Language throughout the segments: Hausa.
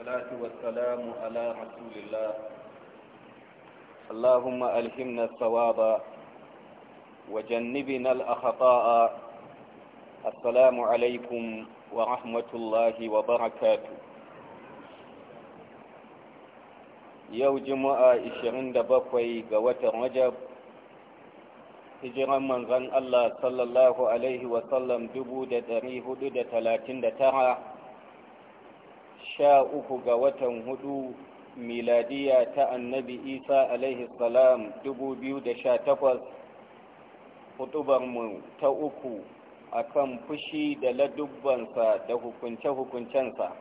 الصلاة والسلام على رسول الله اللهم ألهمنا الصواب وجنبنا الأخطاء السلام عليكم ورحمة الله وبركاته يو جمعة إشرين دبقوي قوة رجب هجرا من غن الله صلى الله عليه وسلم دبودة دريه دد ثلاثين دتاها sha uku ga watan hudu miladiya ta annabi isa alaihi salam dubu biyu da sha takwas hudubarmu ta uku akan fushi da ladubbansa da hukunce-hukuncensa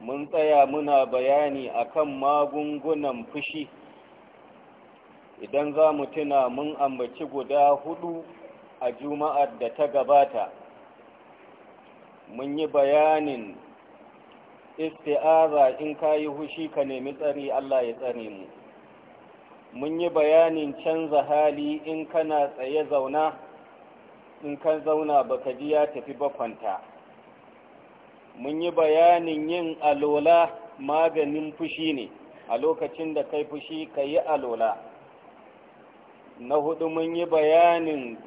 mun tsaya muna bayani akan magungunan fushi idan za mu tuna mun ambaci guda hudu a juma'ar da ta gabata mun yi bayanin isti'aza in kayi hushi ka nemi tsari Allah ya tsare mu mun yi bayanin canza hali in kana tsaye zauna in ka zauna baka ji ya tafi bakwanta mun yi bayanin yin alola maganin fushi ne a lokacin da kai fushi ka yi alola na hudu mun yi bayanin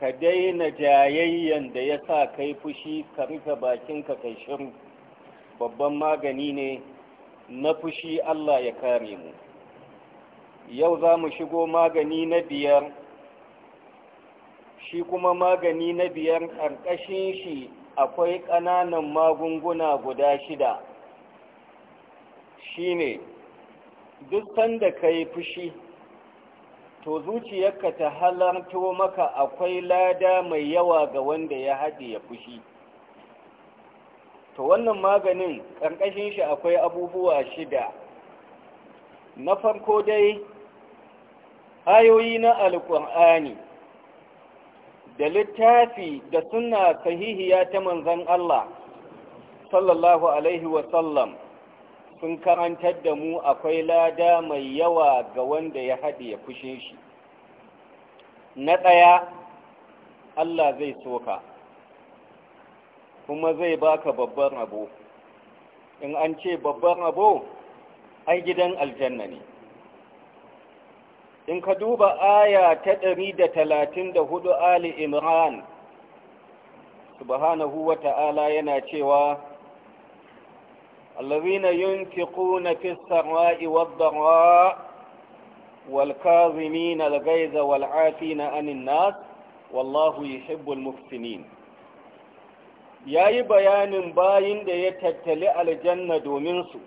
ka daina jayayyen da ya sa kai fushi ka rufe bakinka kai shiru babban magani ne na fushi Allah ya kare mu yau za mu shigo magani na biyar shi kuma magani na biyar ƙarƙashin shi akwai ƙananan magunguna guda shida Shi ne, duk sanda ka yi fushi to zuciyarka ta halarto maka akwai lada mai yawa ga wanda ya haɗe ya fushi to wannan maganin ƙarƙashin shi akwai abubuwa shida na farko dai ayoyi na alƙur'ani da littafi da suna sahihiya ta manzan Allah sallallahu alaihi wasallam sun karantar da mu akwai lada mai yawa ga wanda ya haɗe ya shi na ɗaya Allah zai soka kuma zai baka babban abu in an ce babban abu ai gidan aljanna ne in ka duba aya ta ɗari da da talatin hudu ali imran subhanahu wa ta'ala yana cewa allazina yunfiquna fi sarai wad-dara wal-kazimina al-gayza wal anin nas wallahu yuhibbul muhsinin ya yi bayanin bayin da ya tattali aljanna dominsu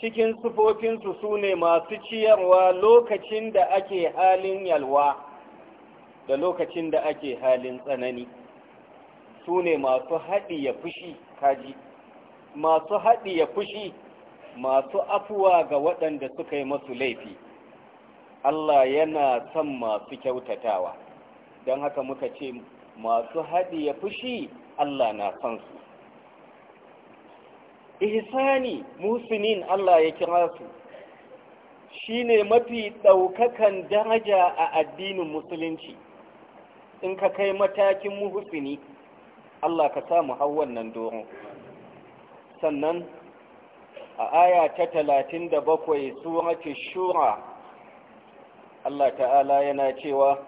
cikin sufofinsu su ne masu ciyarwa lokacin da ake halin yalwa da lokacin da ake halin tsanani su ne masu haɗi ya fushi kaji masu haɗi ya fushi masu afuwa ga waɗanda suka yi masu laifi Allah yana son masu kyautatawa don haka muka ce masu ya fushi Allah na san su ihsani muhsinin Allah ya kira su shine mafi ɗaukakan daraja a addinin musulunci in ka kai matakin muhsini Allah ka samu hau wannan doron sannan a aya ta talatin da bakwai ke shura Allah ta'ala yana cewa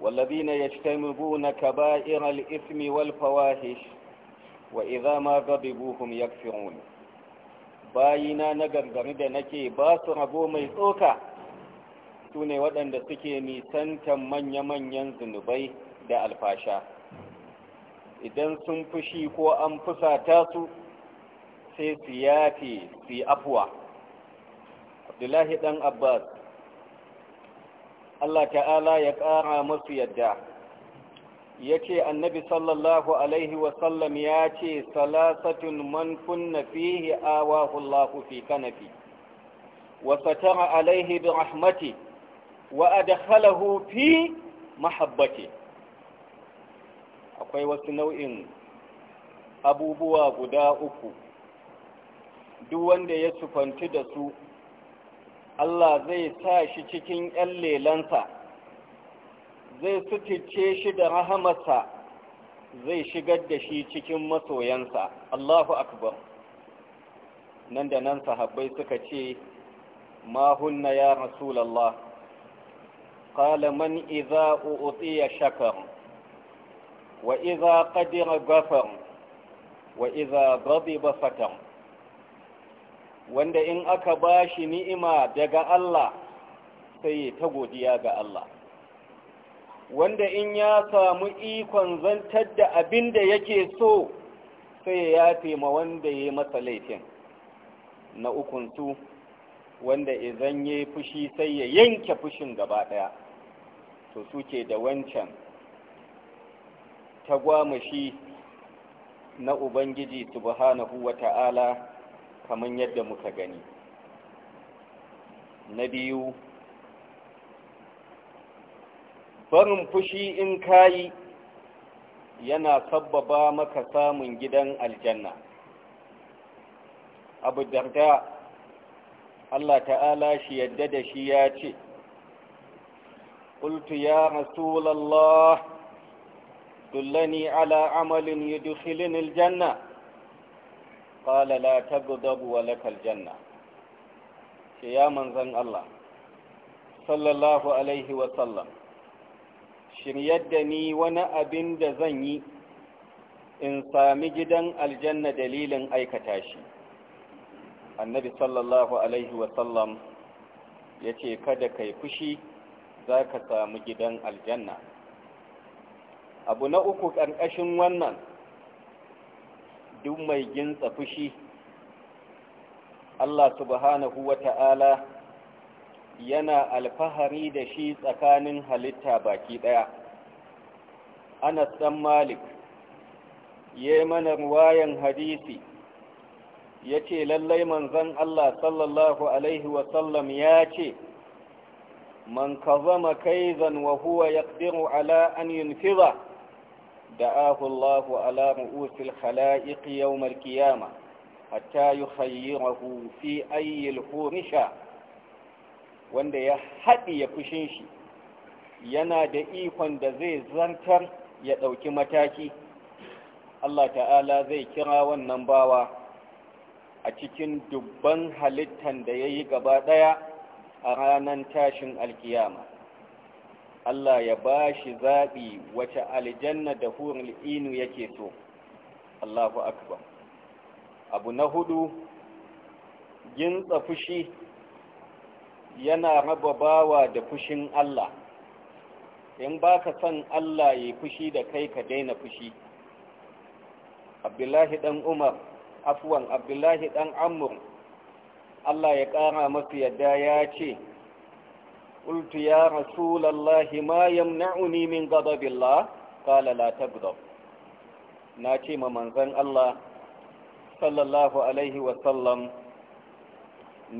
والذين يجتنبون كبائر الإثم والفواحش وإذا ما غضبوهم يكفرون bayina na gargami da nake ba su rago mai tsoka su ne waɗanda suke nisantan manya-manyan zunubai da alfasha idan sun fushi ko an fusata su sai su yafe su yi afuwa abdullahi ɗan abbas Allah ta'ala ya ƙara masu yadda ya ce annabi sallallahu alaihi wasallam ya ce salasatun man kunna fihi awahullahu fi kanafi wa satara alaihi bi rahmati wa adkhalahu fi mahabbati akwai wasu nau'in abubuwa guda uku duk wanda ya sufanti da su Allah zai sa shi cikin ‘yan lelansa, zai sutuce shi da rahamarsa, zai shigar da shi cikin masoyansa, Allahu Akbar. Nan da nan sahabbai suka ce, mahunna ya Rasulallah, ƙala man iza u'utiya shakar, wa iza ƙadira gafar, wa iza ba fatar. wanda in aka ba shi ni'ima daga Allah sai ya ta godiya ga Allah wanda in ya samu ikon zantar da abin da yake so sai ya yafe ma wanda ya yi masa laifin na ukunsu wanda zan ya fushi sai ya yanke fushin gaba ɗaya to suke da wancan tagwamashi na ubangiji subhanahu wa ta'ala kamar yadda muka gani na biyu barin fushi in kayi yana sabbaba maka samun gidan aljanna abu darda Allah ta'ala shi yadda da shi ya ce قلت ya رسول dullani ala amalin عمل يدخلني aljanna. qala la taghdabu wa janna ce ya Allah sallallahu alaihi wa sallam shiryar da ni wani abin da zan yi in sami gidan aljanna dalilin aikata shi annabi sallallahu alaihi wa sallam ya ce kada kai fushi za ka samu gidan aljanna abu na uku ƙarƙashin wannan duk mai gintsa fushi Allah subhanahu wa ta'ala yana alfahari da shi tsakanin halitta baki ɗaya Anas ɗan Malik ya mana ruwayan hadisi ya ce lallai manzan Allah sallallahu Alaihi wasallam ya ce man kazama kaizan wa huwa yaqdiru ala an fiza? دعاه الله على khala'ik الخلائق يوم القيامة حتى يخيره في أي الحور شاء wanda ya haɗi ya fushin shi yana da ikon da zai zartar ya ɗauki mataki Allah ta'ala zai kira wannan bawa a cikin dubban halittan da ya yi gaba ɗaya a ranar tashin alkiyama Allah ya ba shi zaɓi wace aljanna da hurin inu yake so Allahu akbar abu na hudu gintsa fushi yana raba bawa da fushin Allah in ba ka son Allah ya fushi da kai ka daina fushi abdullahi ɗan umar afuwan abdullahi ɗan amur Allah ya ƙara masu yadda ya ce قلت يا رسول الله ما يمنعني من غضب الله قال لا تغضب ناتي ممنزن الله صلى الله عليه وسلم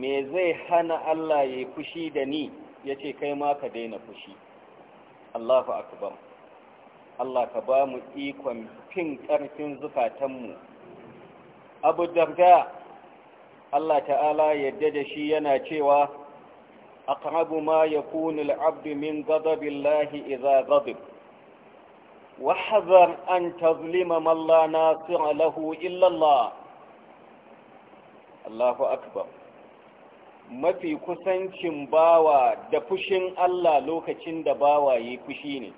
me zai hana Allah ya fushi da ni ya ce kai ma ka daina fushi Allahu akbar Allah ka ba mu ikon fin ƙarfin zukatanmu abu darda Allah ta'ala yadda da shi yana cewa Akrabu ma يكون العبد من غضب الله إذا غضب واحذر أن تظلم من لا ناصر له إلا الله mafi kusancin bawa da fushin Allah lokacin da bawa yi fushi ne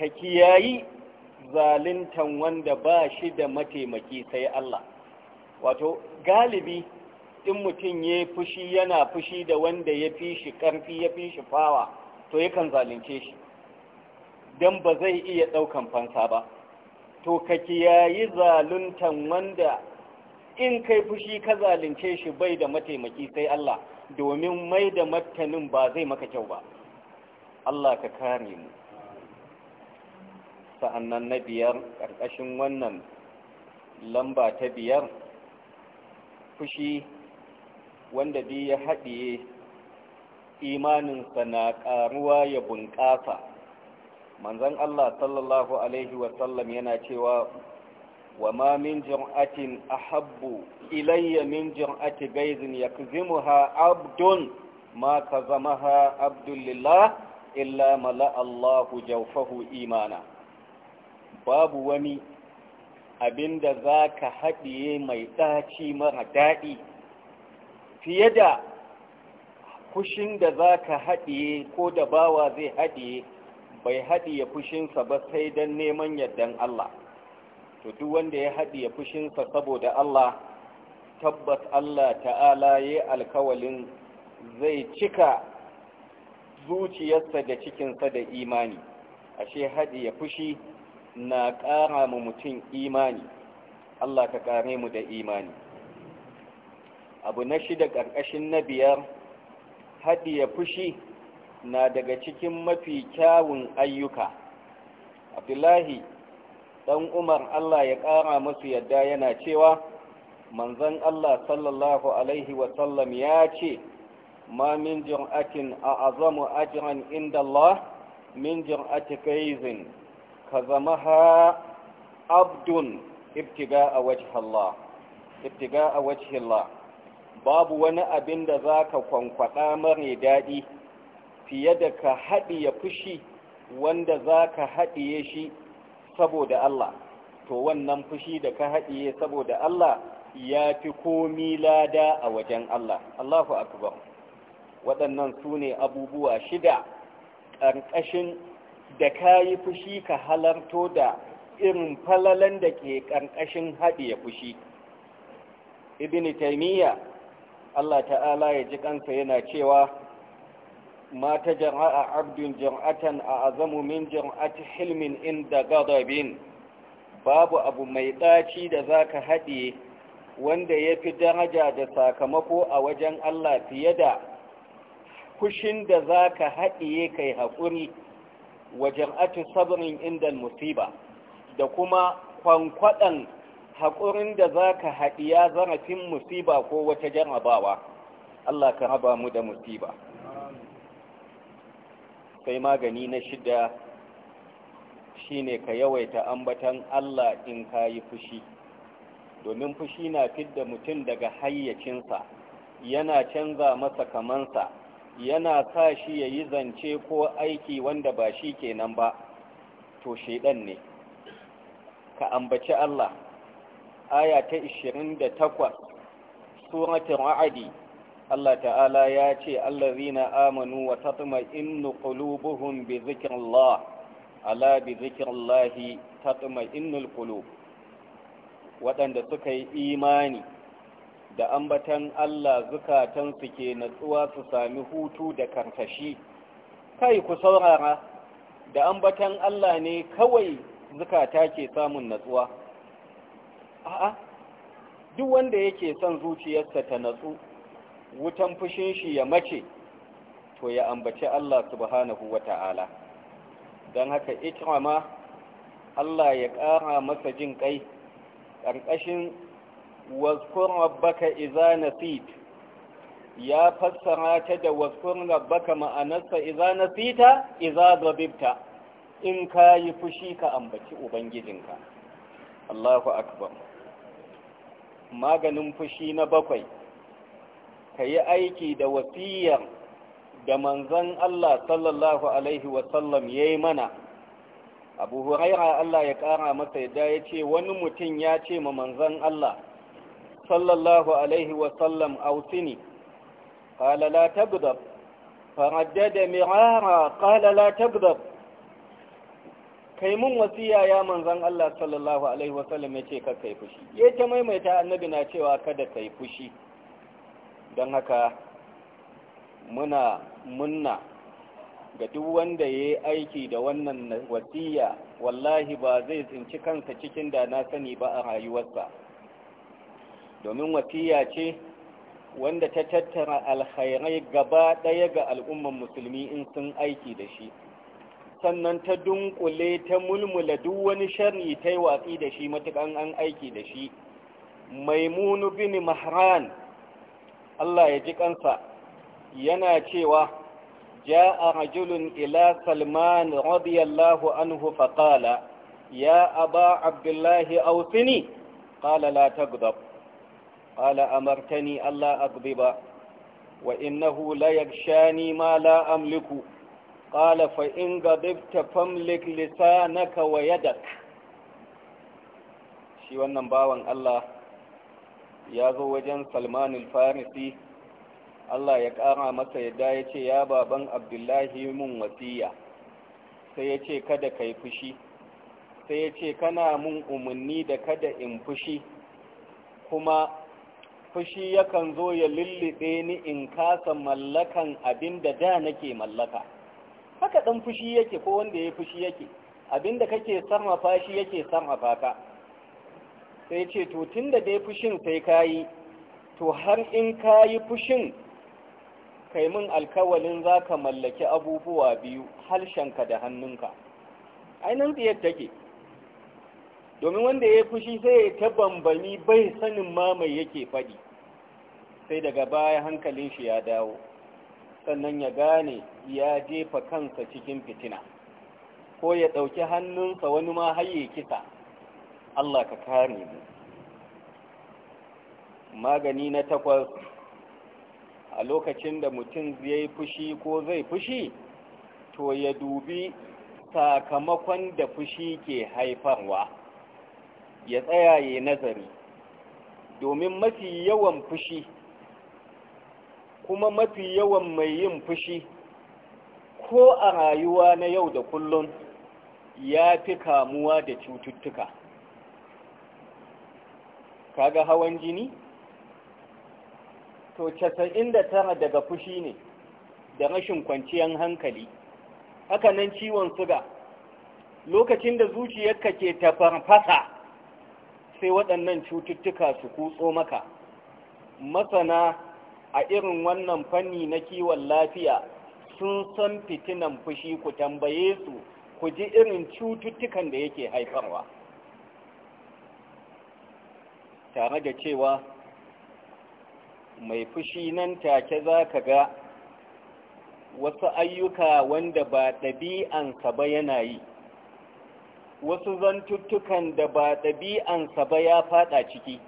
ka kiyayi zalintan wanda ba shi da mataimaki sai Allah wato galibi in mutum ya fushi yana fushi da wanda ya fi shi ƙarfi ya fi shi fawa to yakan zalunce shi don ba zai iya ɗaukan fansa ba to ka kiyayi zaluntan wanda in kai fushi ka zalunce shi bai da mataimaki sai Allah domin mai da matanin ba zai maka kyau ba Allah ka kare mu sa'annan na biyar ƙarƙashin wannan lamba ta biyar fushi wanda bi ya haɗiye imaninsa na ƙaruwa ya bunƙasa manzon Allah sallallahu alaihi wasallam yana cewa wa ma min jir'atin ahabbu ilayya min jir'ati baizin yakzimuha abdun ma kazamaha abdul lillah illa mala Allahu jawfahu imana babu wani abinda zaka haɗiye mai ɗaci mara daɗi fiye da fushin da za ka haɗiye ko da bawa zai haɗiye bai haɗiye fushinsa ba sai don neman yardan Allah to duk wanda ya haɗiye fushinsa saboda Allah tabbas Allah ta'ala ya alkawalin zai cika zuciyarsa da cikinsa da imani ashe haɗiye fushi na ƙara mu mutum imani Allah ka ƙare mu da imani abu na shida ƙarƙashin na biyar haɗiye fushi na daga cikin mafi kyawun ayyuka abdullahi ɗan umar allah ya ƙara masu yadda yana cewa manzon allah sallallahu alaihi wasallam ya ce ma min jir'atin a azamu ajiran inda allah min jir'ati kaizin ka zama ha abdun ibtiga a wajhi babu wani abin da za ka kwankwaɗa mare daɗi fiye da ka haɗiye fushi wanda za ka haɗiye shi saboda Allah to wannan fushi da ka haɗiye saboda Allah ya fi komi lada a wajen Allah Allahu akbar waɗannan su ne abubuwa shida ƙarƙashin da ka yi fushi ka halarto da irin falalan da ke ƙarƙashin haɗiye fushi ibn taymiyyah Allah ta'ala ya ji kansa yana cewa mata jama'a abdun jama'atan a azamu min jar'ati hilmin inda gadabin babu abu mai ɗaci da zaka ka haɗe wanda ya fi daraja da sakamako a wajen Allah fiye da kushin da zaka ka haɗe kai haƙuri wajen jar'atu sabrin inda musiba da kuma kwankwaɗan haƙurin da za ka haɗi ya zarafin musiba ko wata jarabawa Allah ka raba mu da musiba sai magani na shida ne ka yawaita ambatan Allah in ka yi fushi domin fushi na da mutum daga hayyacinsa yana canza masa kamansa yana sa shi ya yi zance ko aiki wanda ba shi kenan ba to shaidan ne ka ambaci Allah aya ta 28 suratul ra'adi Allah ta'ala ya ce allazina amanu wa tatma'innu qulubuhum bi dhikrillah ala bi dhikrillah tatma'innul qulub waɗanda suka yi imani da ambatan Allah zukatansu ke natsuwa su sami hutu da karkashi kai ku saurara da ambatan Allah ne kawai zukata ke samun natsuwa a'a duk wanda yake son zuciyarsa ta natsu wutan fushin shi ya mace to ya ambaci Allah subhanahu wata'ala don haka ikrama Allah ya ƙara masa jin kai ƙarƙashin wazkur rabbaka iza nasit ya fassara ta da wazkur rabbaka ma'anarsa iza nasita iza zabibta in ka yi fushi ka ambaci ubangijinka Allahu akbar maganin fushi na bakwai ka yi aiki da wasiyar da manzan Allah sallallahu Alaihi wasallam ya yi mana abu huraira Allah ya ƙara masa yadda ya ce wani mutum ya ce ma manzan Allah sallallahu Alaihi wasallam ausini قال لا تغضب da mirara قال لا تغضب kai mun wasiya ya manzan Allah sallallahu alaihi wasallam ya ce ka kai fushi ya ta maimaita annabi na cewa kada kai fushi don haka muna munna ga duk wanda ya yi aiki da wannan wasiya wallahi ba zai tsinci kansa cikin da na sani ba a rayuwarsa domin wasiya ce wanda ta tattara alkhairai gaba ɗaya ga al'umman musulmi in sun aiki da shi sannan ta dunkule ta mulmula duk wani sharri ta yi watsi da shi matukan an aiki da shi maimunu bin mahran Allah ya ji kansa yana cewa ja a rajulun ila salman radiyallahu anhu faqala ya aba abdullahi ausini qala la taghdab qala amartani alla aghdaba wa innahu la yakshani ma la amliku قال فإن غضبت فملك لسانك ويدك shi wannan bawan Allah ya zo wajen Salman al-Farisi Allah ya ƙara masa yadda ya ce ya baban Abdullahi mun wasiya sai ya ce kada kai fushi sai ya ce kana mun umarni da kada in fushi kuma fushi yakan zo ya lulluɗe ni in kasa mallakan abinda da nake mallaka haka ɗan fushi yake ko wanda ya fushi yake abinda kake sarrafa shi yake sarrafa ka sai ce to tun da dai fushin sai kayi to har in kayi fushin kai min alkawalin za ka mallaki abubuwa biyu halshenka da hannunka ainihin yadda ke? domin wanda ya fushi sai ya ta bambami bai sanin mamaye yake faɗi sai daga baya hankalin shi ya dawo sannan ya gane ya jefa kansa cikin fitina ko ya ɗauki hannunsa wani ma haye kisa Allah ka kare mu magani na takwas a lokacin da mutum zai fushi ko zai fushi to ya dubi sakamakon da fushi ke haifarwa ya tsaya ya nazari domin mafi yawan fushi kuma mafi yawan mai yin fushi ko a rayuwa na yau da kullum ya fi kamuwa da cututtuka kaga hawan jini to casa'in da tara daga fushi ne da rashin kwanciyar hankali haka nan ciwon suga lokacin da zuciyarka ke tafarfasa sai waɗannan cututtuka su kutso maka masana a irin wannan fanni na kiwon lafiya sun san fitinan fushi ku tambaye su ku ji irin cututtukan da yake haifarwa tare da cewa mai fushi nan take za ka ga wasu ayyuka wanda ba ɗabi'ansa ba yana yi wasu zantuttukan da ba ɗabi'ansa ba ya faɗa ciki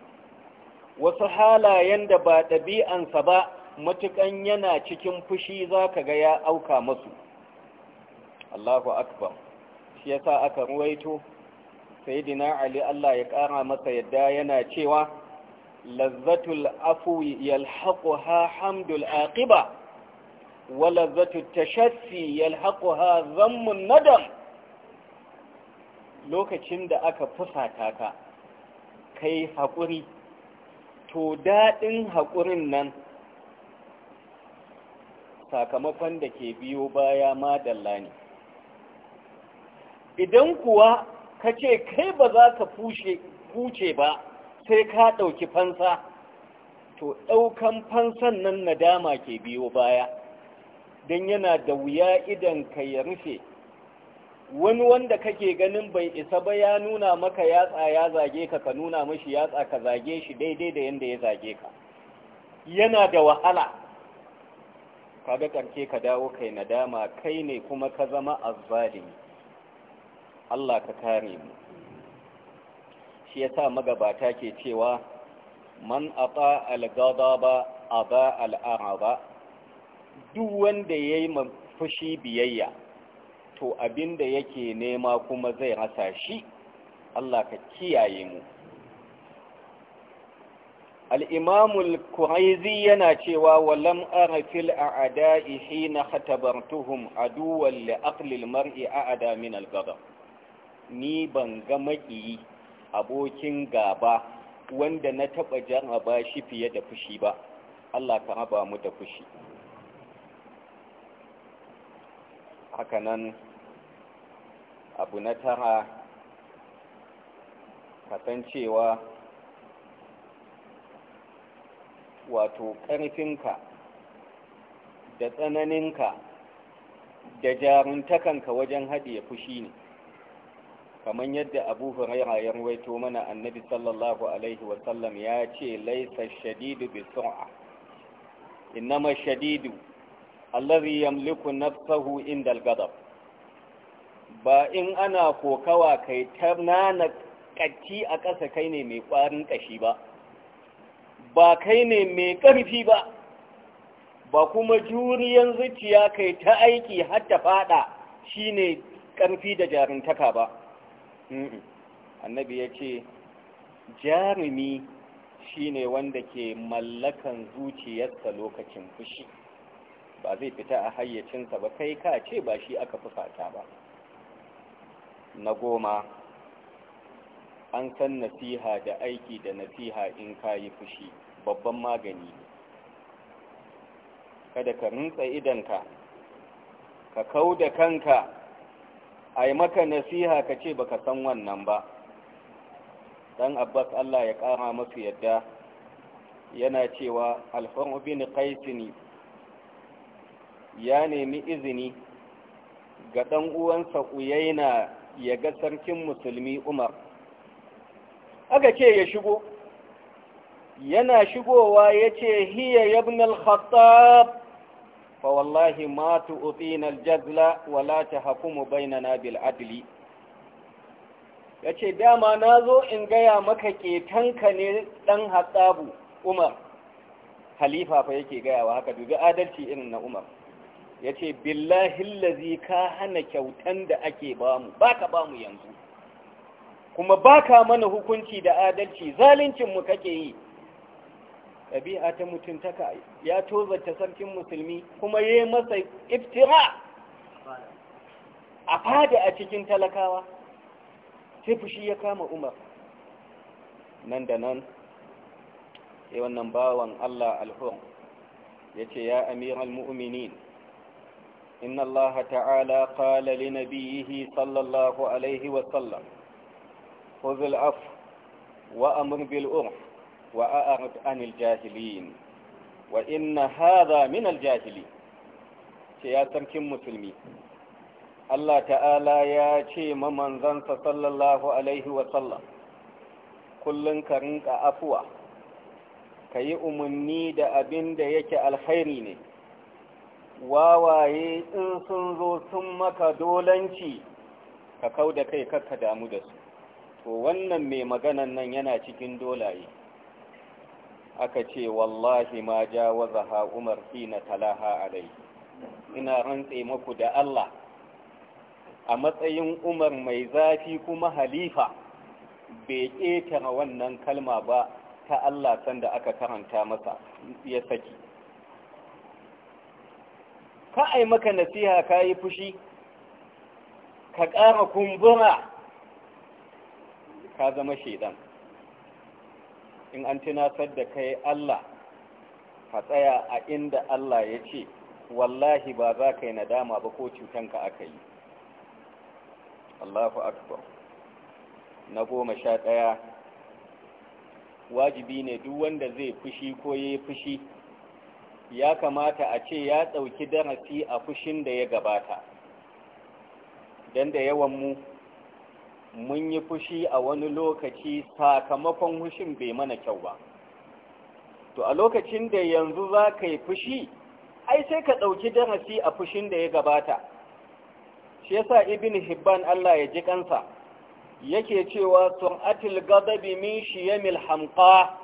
wasu halayen da ba ɗabi'ansa ba matukan yana cikin fushi zaka ka ga ya auka masu Allahu akbar shi yasa aka ruwaito sayyidina Ali Allah ya kara masa yadda yana cewa lazzatul afwi yalhaquha hamdul aqiba wa lazzatul tashaffi yalhaquha dhammun nadam lokacin da aka fusata ka kai hakuri. to daɗin hakurin nan sakamakon da ke biyo baya ma dalla ne idan kuwa ka ce kai ba za ka fuce ba sai ka ɗauki fansa to ɗaukan fansan nan nadama ke biyo baya don yana da wuya idan ka ya rufe wani wanda kake ganin bai isa ba ya nuna maka yatsa ya zage ka ka nuna mashi yatsa ka zage shi daidai da yanda ya zage ka yana da wahala Ka kaga karke ka dawo kai nadama kai ne kuma ka zama azzalimi Allah ka kare mu shi yasa magabata ke cewa man ata al-ghadaba aba al ba duk wanda yayi mafushi biyayya to abinda yake nema kuma zai rasa shi Allah ka kiyaye mu al'imamul kuraizi yana cewa walam arafil a ada'i shi na hatabartuhum aduwal la'aklil mar'i a adamin algabar ni ban ga maƙiyi abokin gaba wanda na taɓa jarraba shi fiye da fushi ba Allah ka raba mu da fushi hakanan abu na tara kasancewa wato ƙarfinka da tsananinka da jaruntakanka wajen haɗiye fushi ne kamar yadda abu huraira ya ruwaito mana annabi sallallahu alaihi wasallam ya ce laisa shadidu bi sur'a innama shadidu allazi yamliku nafsahu inda al-ghadab ba in ana kokawa kai tarnana kacci a ƙasa kai ne mai ƙwarin ƙashi ba ba kai ne mai ƙarfi ba ba kuma juriyan zuciya kai ta aiki har ta fada shine ƙarfi da jarintaka ba annabi ya ce jarumi shine wanda ke mallakan zuciyarsa lokacin fushi ba zai fita a hayyacinsa ba kai ka ce ba shi aka fusata ba na goma an san nasiha da aiki da nasiha in kayi fushi babban magani kada ka rintsa idanka ka kau da kanka a yi maka nasiha ka ce baka san wannan ba dan abbas allah ya ƙara masu yadda yana cewa alfaru bin ne, ya nemi izini ga ɗan uwansa uyaina ya ga sarkin musulmi umar aka ce ya shigo yana shigowa ya ce hiya yabn al-khattab fa wallahi ma tu'tina al-jazla wa la tahkumu bainana bil adli yace dama nazo in gaya maka ketanka ne dan hattabu umar khalifa fa yake gaya wa haka dubi adalci irin na umar yace billahi allazi ka hana kyautan da ake bamu baka bamu yanzu kuma baka mana hukunci da adalci zaluncinmu kake yi ɗabi'a ta mutuntaka ya tozarta sarkin musulmi kuma ya yi masa iftira a fada a cikin talakawa sai fushi ya kama umar nan da nan sai wannan bawan Allah alhur ya ce ya amiral mu'minin inna Allah ta'ala qala li nabiyhi sallallahu alaihi wa sallam خذ العفو وأمر بالعرف وأعرض عن الجاهلين وإن هذا من الجاهلين يا تمكن مسلمين Allah ta'ala ya ce mamanzansa sallallahu Alaihi wasallam kullum ka rinka afuwa ka yi umarni da abinda da yake alkhairi ne wawaye in sun zo sun maka dolanci ka kau da kai ka damu da su to wannan mai maganan nan yana cikin dolaye aka ce wallahi ma wa zaha umar na talaha alai ina rantse maku da Allah a matsayin umar mai zafi kuma halifa bai ƙetare wannan kalma ba ta Allah sanda aka karanta masa ya saki ka ai maka nasiha ka yi fushi ka ƙara kumbura ka zama shaidan in an tunasar da kai Allah ka tsaya a inda Allah ya ce wallahi ba za ka yi nadama ba ko cutanka aka yi Allahu akbar na goma sha ɗaya wajibi ne duk wanda zai fushi ko ya fushi ya kamata a ce ya ɗauki darasi a fushin da ya gabata don da yawan mu mun yi fushi a wani lokaci sakamakon hushin bai mana kyau ba to a lokacin da yanzu za ka yi fushi ai sai ka ɗauki darasi a fushin da ya gabata shi yasa ibn hibban Allah ya ji kansa yake cewa sun'atul ghadabi min shiyamil Hamka.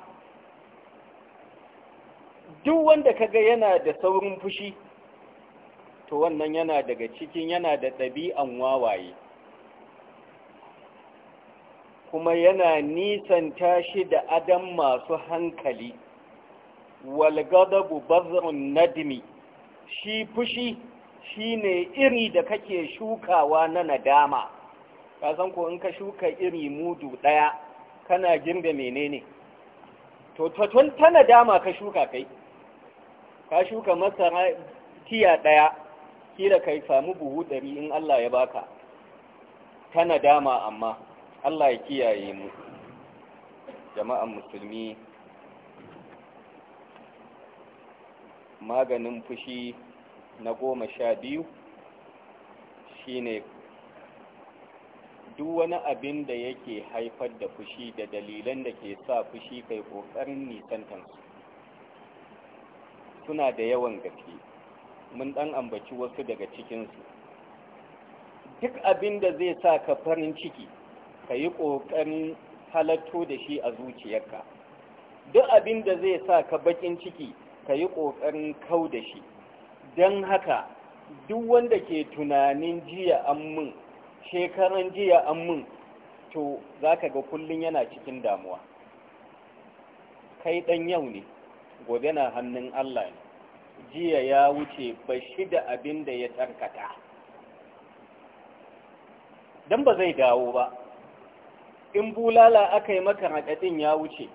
duk wanda ka ga yana da saurin fushi to wannan yana daga cikin yana da ɗabi'an wawaye kuma yana nisanta shi da adam masu hankali walgadabu bazrun nadmi. shi fushi shine iri da kake shukawa na nadama ka san ko in ka shuka iri mudu daya kana girbe menene to tun ta nadama ka shuka kai ka shuka masara tiya daya kila kai samu buhu ɗari in Allah ya baka ta nadama amma Allah ya kiyaye mu jama'an musulmi maganin fushi na goma sha biyu shine duk wani abin da yake haifar da fushi da dalilan da ke sa fushi kai ƙoƙarin nisantansu suna da yawan gaske mun ɗan ambaci wasu daga cikinsu duk abin da zai sa ka farin ciki ka yi ƙoƙarin halatto da shi a zuciyarka duk abin da zai sa ka baƙin ciki ka yi ƙoƙarin kau da shi don haka duk wanda ke tunanin jiya an mun shekaran jiya an mun to za ka ga kullum yana cikin damuwa kai ɗan yau ne gobe na hannun allah ne jiya ya wuce ba shi da abin da ya tsarkata don ba zai dawo ba in bulala aka yi maka raɗaɗin ya wuce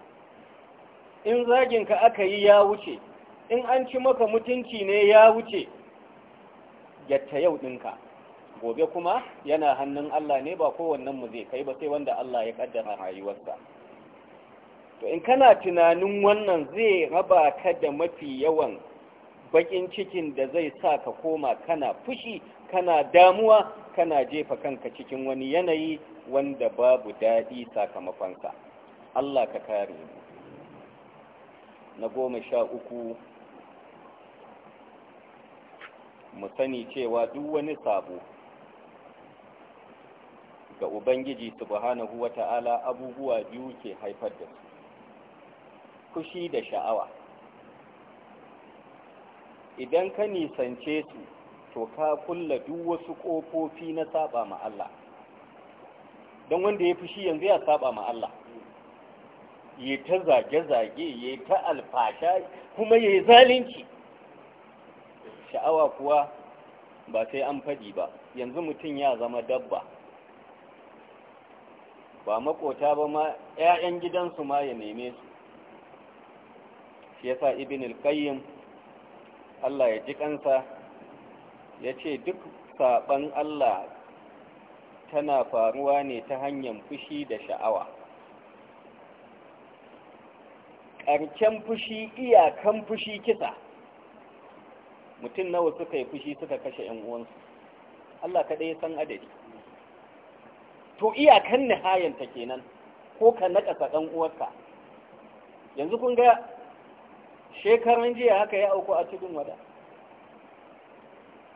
in zaginka aka yi ya wuce in an ci maka mutunci ne ya wuce yatta yau ɗinka gobe kuma yana hannun Allah ne ba kowannen mu zai kai ba sai wanda Allah ya kaddara rayuwarsa to in kana tunanin wannan zai raba ka da mafi yawan bakin cikin da zai sa ka koma kana fushi kana damuwa kana jefa kanka cikin wani yanayi wanda babu daɗi ka Allah ka kare mu na goma sha uku mu sani cewa duk wani sabo ga ubangiji subhanahu wata'ala abubuwa biyu ke haifar da su Kushi da sha'awa idan ka nisance su to ka kulla duk wasu ƙofofi na saba ma Allah don wanda ya fushi yanzu ya saba ma Allah ya ta zage-zage ya ta alfasha kuma ya yi zalunci sha'awa kuwa ba sai an faɗi ba yanzu mutum ya zama dabba ba makota ba ma 'ya'yan gidansu ma ya neme su shi ya sa Ibin qayyim Allah ya ji kansa ya ce duk saɓan Allah tana faruwa ne ta hanyar fushi da sha'awa ƙarken fushi iyakan fushi kisa mutum nawa suka yi fushi suka kashe ‘yan uwansu Allah kaɗai ya san adadi to iyakan nihayanta kenan ko ka naƙa ɗan uwarka yanzu kun ga shekaran jiya haka ya auku a cikin wada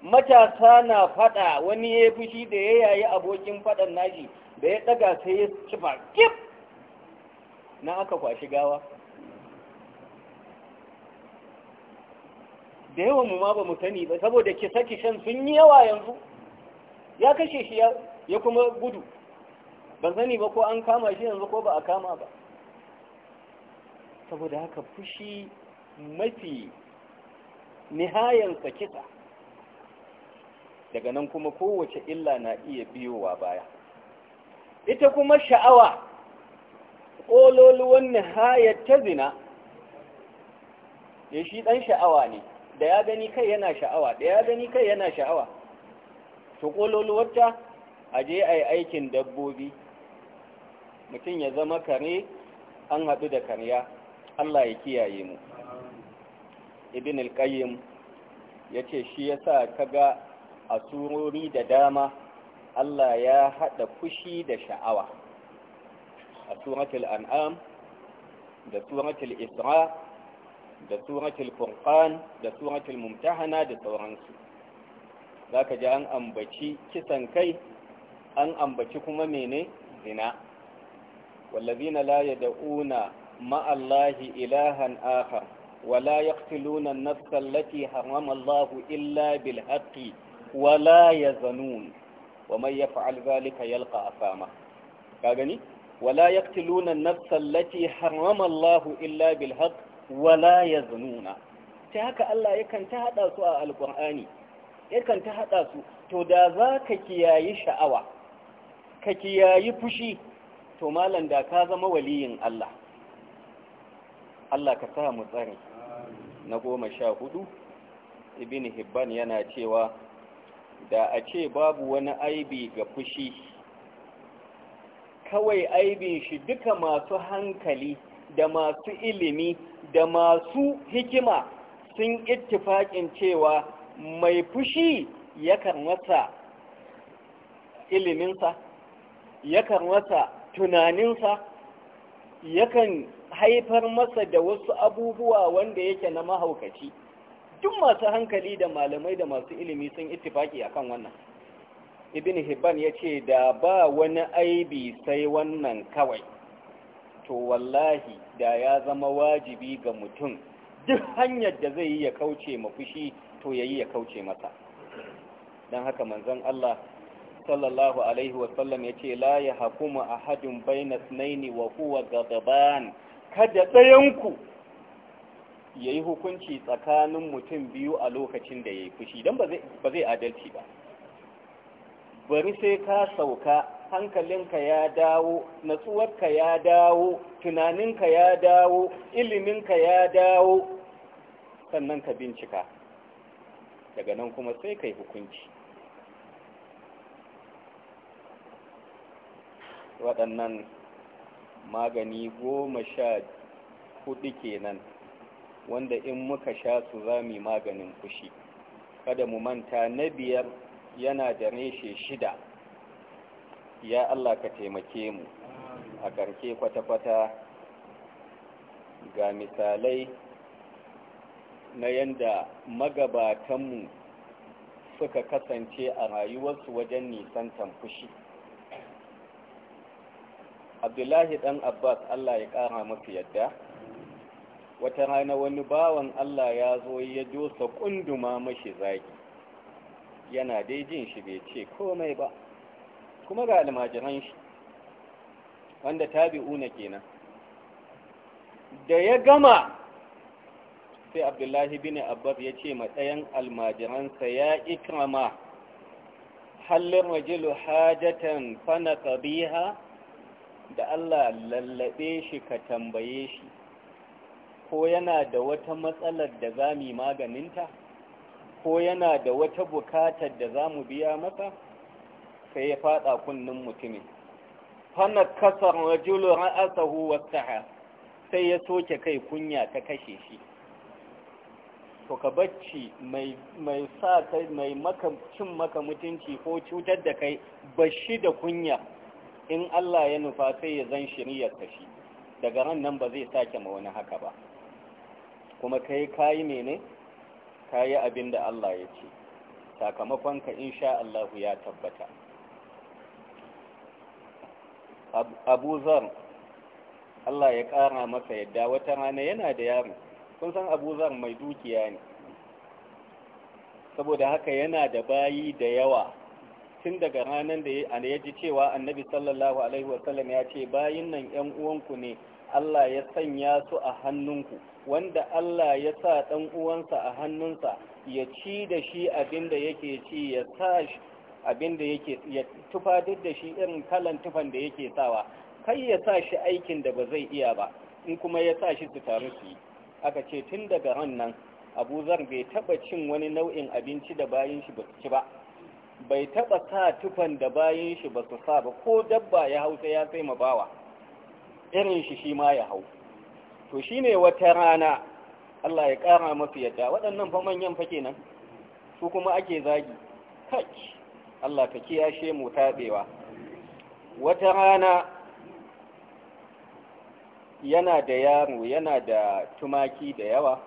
matasa na fada wani ya fushi da ya yayi abokin fadan nashi da ya daga sai ya cifa kif na aka kwashi gawa da yawan mu ma ba mu sani ba saboda kisa kishan sun yi yawa yanzu ya kashe shi ya kuma gudu ban sani ba ko an kama shi yanzu ko ba a kama ba saboda haka fushi mafi nihayansa kisa daga nan kuma kowace illa na iya biyowa baya ita kuma sha'awa ƙololuwan hayar ta zina ya eh, shi ɗan sha'awa ne da ya gani kai yana sha'awa da ya gani kai yana sha'awa to ƙololuwarta a je a yi aikin dabbobi mutum ya zama kare an haɗu da karya Allah ya kiyaye mu ibn al-qayyim yace shi yasa kaga a surori da dama Allah ya haɗa fushi da sha'awa a suratul an'am da suratul isra da suratul furqan da suratul mumtahana da sauransu zaka ji an ambaci kisan kai an ambaci kuma mene zina wallazina la yad'una ma'a allahi ilahan akhar ولا يقتلون النفس التي حرم illa bil بالحق wala ya zanun wa mai ya fa'al zalika yalka a sama ka gani wala ya tiluna nafsan lati haramallahu illa bilhaq wala ya zanuna ta haka Allah yakan ta haɗa su a alƙur'ani yakan ta haɗa su to da za ka kiyayi sha'awa ka kiyayi fushi to malam da ka zama waliyin Allah Allah ka sa mu tsare na goma sha hudu ibn hibban yana cewa da a ce babu wani aibi ga fushi kawai aibin shi duka masu hankali da masu ilimi da masu hikima sun ittifaƙin cewa mai fushi ya wata iliminsa ya wata tunaninsa ya kan haifar masa da wasu abubuwa wanda yake na mahaukaci Tun masu hankali da malamai da masu ilimi sun ittifaki akan wannan ibn hibban ya ce da ba wani aibi sai wannan kawai to wallahi da ya zama wajibi ga mutum duk hanyar da zai yi ya kauce mafushi to ya yi ya kauce masa don haka manzon Allah sallallahu alaihi wasallam ya ce la ya hakuma na bainas naini wa huwa gadaban kada tsayanku yayi hukunci tsakanin mutum biyu a lokacin da ya yi fushi don ba zai adalci ba bari sai ka sauka hankalinka ya dawo natsuwarka ya dawo tunaninka ya dawo iliminka ya dawo sannan ka bincika daga nan kuma sai ka yi hukunci waɗannan magani goma sha hudu kenan wanda in muka sha su zami maganin kushi kada mu manta na biyar yana da reshe shida ya Allah ka taimake mu a karke kwata-kwata ga misalai na yanda magabatanmu suka kasance a rayuwarsu wajen nisantan fushi abdullahi dan abbas Allah ya kara masu yadda wata rana wani bawan Allah ya zo ya dosa kunduma mashi zaki yana dai jin shi bai ce komai ba kuma ga almajiran shi wanda tabi'una kenan da ya gama sai abdullahi bin abbas ya ce matsayin almajiransa ya ikrama hallin ji hajatan fana biha da Allah lallabe shi ka tambaye shi ko yana da wata matsalar da za mu maganinta ko yana da wata bukatar da za mu biya masa sai ya fada kunnin mutumin fana kasar rajulu ra'asahu wasaha sai ya soke kai kunya ta kashe shi to ka bacci mai sa kai mai cin maka mutunci ko cutar da kai bashi da kunya in Allah ya nufa sai ya zan shiriyar kashi daga ran nan ba zai sake ma wani haka ba kuma kai kayi mene kayi abin da Allah ya ce sakamakonka insha Allah ya tabbata abu zar Allah ya ƙara masa yadda wata rana yana da yaro kun san abu zar mai dukiya ne saboda haka yana da bayi da yawa tun daga ranar da ya ji cewa annabi sallallahu alaihi wasallam ya ce bayin nan 'yan uwanku ne Allah ya sanya su a hannunku wanda Allah ya sa ɗan uwansa a hannunsa ya ci da shi abinda yake ci ya sa shi abinda yake ya tufa duk da shi irin kalan tufan da yake sawa kai ya sa shi aikin da ba zai iya ba in kuma ya sa shi su taru su aka ce tun daga ran nan abu zar bai taba cin wani nau'in abinci da bayan shi ba su ci ba bai taba sa tufan da bayan shi ba su sa ba ko dabba ya hausa ya sai mabawa bawa irin shi shi ma ya hau to shine wata rana Allah ya ƙara mafi yadda waɗannan fa manyan nan kenan su kuma ake zagi kac Allah ka kiyashe mu taɓewa wata rana yana da yaro yana da tumaki da yawa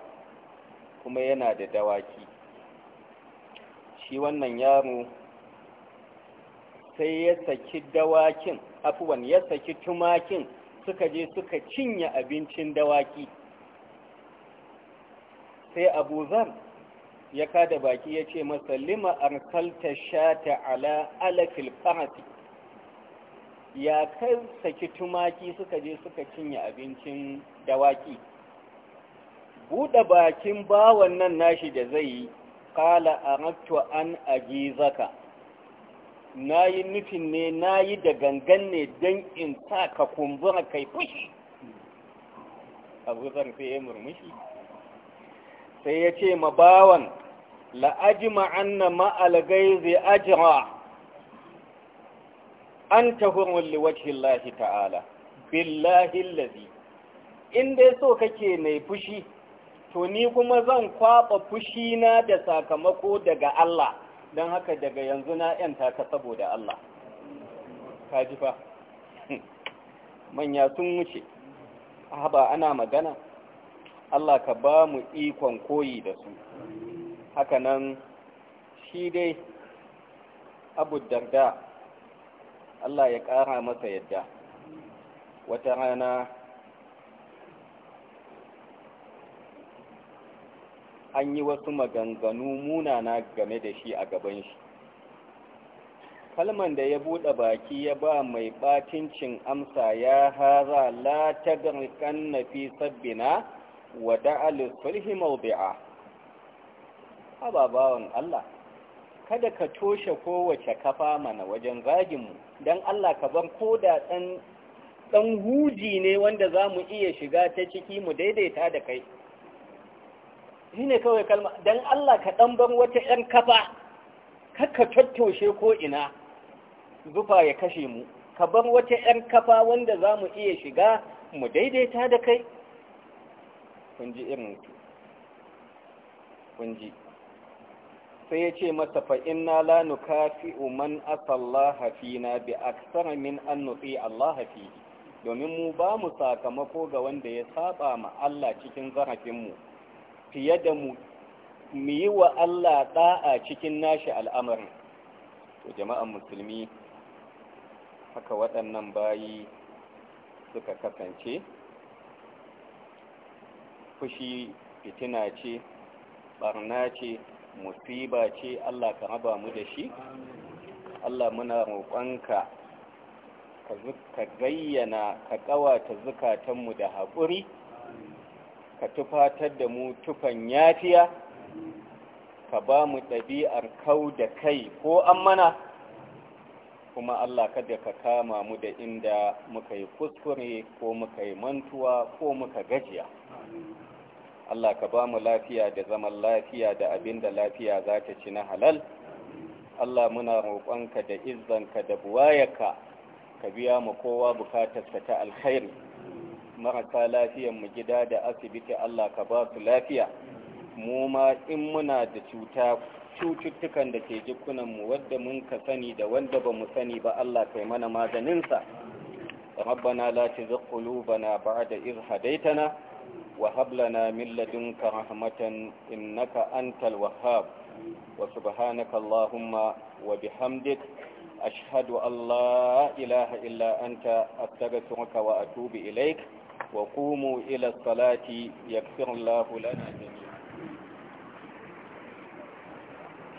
kuma yana da dawaki shi wannan yaro sai ya saki dawakin afuwan ya saki tumakin suka je suka cinye abincin dawaki sai abu zar ya kada baki ya ce masa lima arsalta shata ala alafil farasi ya kai saki tumaki suka je suka cinye abincin dawaki buɗe bakin bawan nan nashi da zai yi ƙala a an agizaka na yi nufin ne na yi da gangan ne don in sa ka kumbura kai fushi abu sai ya murmushi sai ya ce ma bawan la'ajima na ma'alagai zai ajira an ta hurin liwacin lahi ta'ala billahi lazi in dai so kake mai fushi to ni kuma zan kwaɓa na da sakamako daga Allah don haka daga yanzu na ‘yanta ka saboda Allah ka ji fa manya sun wuce haba ana magana Allah ka ba mu ikon koyi da su haka nan shi dai abu darda Allah ya ƙara masa yadda wata rana an yi wasu maganganu munana game da shi a gaban shi kalman da ya buɗe baki ya ba mai ɓatincin amsa ya haza la ta gankan na fi sabbina wa da'alis sulhi mawdi'a ababawan Allah kada ka toshe kowace kafa mana wajen zaginmu don Allah ka bar ko da ɗan huji ne wanda za mu iya shiga ta ciki mu daidaita da kai shi ne kawai kalma don Allah ka ɗan ban wata ‘yan kafa kakka tattoshe ko ina zufa ya kashe mu ka ban wata ‘yan kafa wanda za mu iya shiga mu daidaita da kai kunji irin kunji sai ya ce masa fa'in na lanuka fi uman asallaha na bi aksara min an nufi Allah fi domin mu ba mu sakamako ga wanda ya saba ma Allah cikin zarafinmu fiye da mu mu yi wa Allah ɗa'a cikin nashi al'amari to jama'an musulmi haka waɗannan bayi suka kasance fushi fitina ce ɓarna ce musiba ce Allah ka raba mu da shi Allah muna roƙonka ka gayyana ka ƙawata zukatanmu da haƙuri ka tufatar da mu tufan yafiya ka ba mu ɗabi'ar kau da kai ko an mana kuma Allah kada ka kama mu da inda muka yi kuskure ko muka yi mantuwa ko muka gajiya Allah ka ba mu lafiya da zaman lafiya da abin da lafiya za ta ci na halal Allah muna roƙonka da izzanka da buwayaka ka biya mu kowa bukatarsa ta alkhairi marasa lafiyar mu gida da asibiti Allah ka ba su lafiya mu ma in muna da cuta cututtukan da ke jikunanmu wadda mun ka sani da wanda ba mu sani ba Allah kai mana maganinsa rabbana la tuzigh qulubana ba'da idh hadaytana wa hab lana min ladunka rahmatan innaka antal wahhab wa subhanaka allahumma wa bihamdik ashhadu an la ilaha illa anta astaghfiruka wa atubu ilaik wa qumu ila salati yaghfir Allahu lana jami'an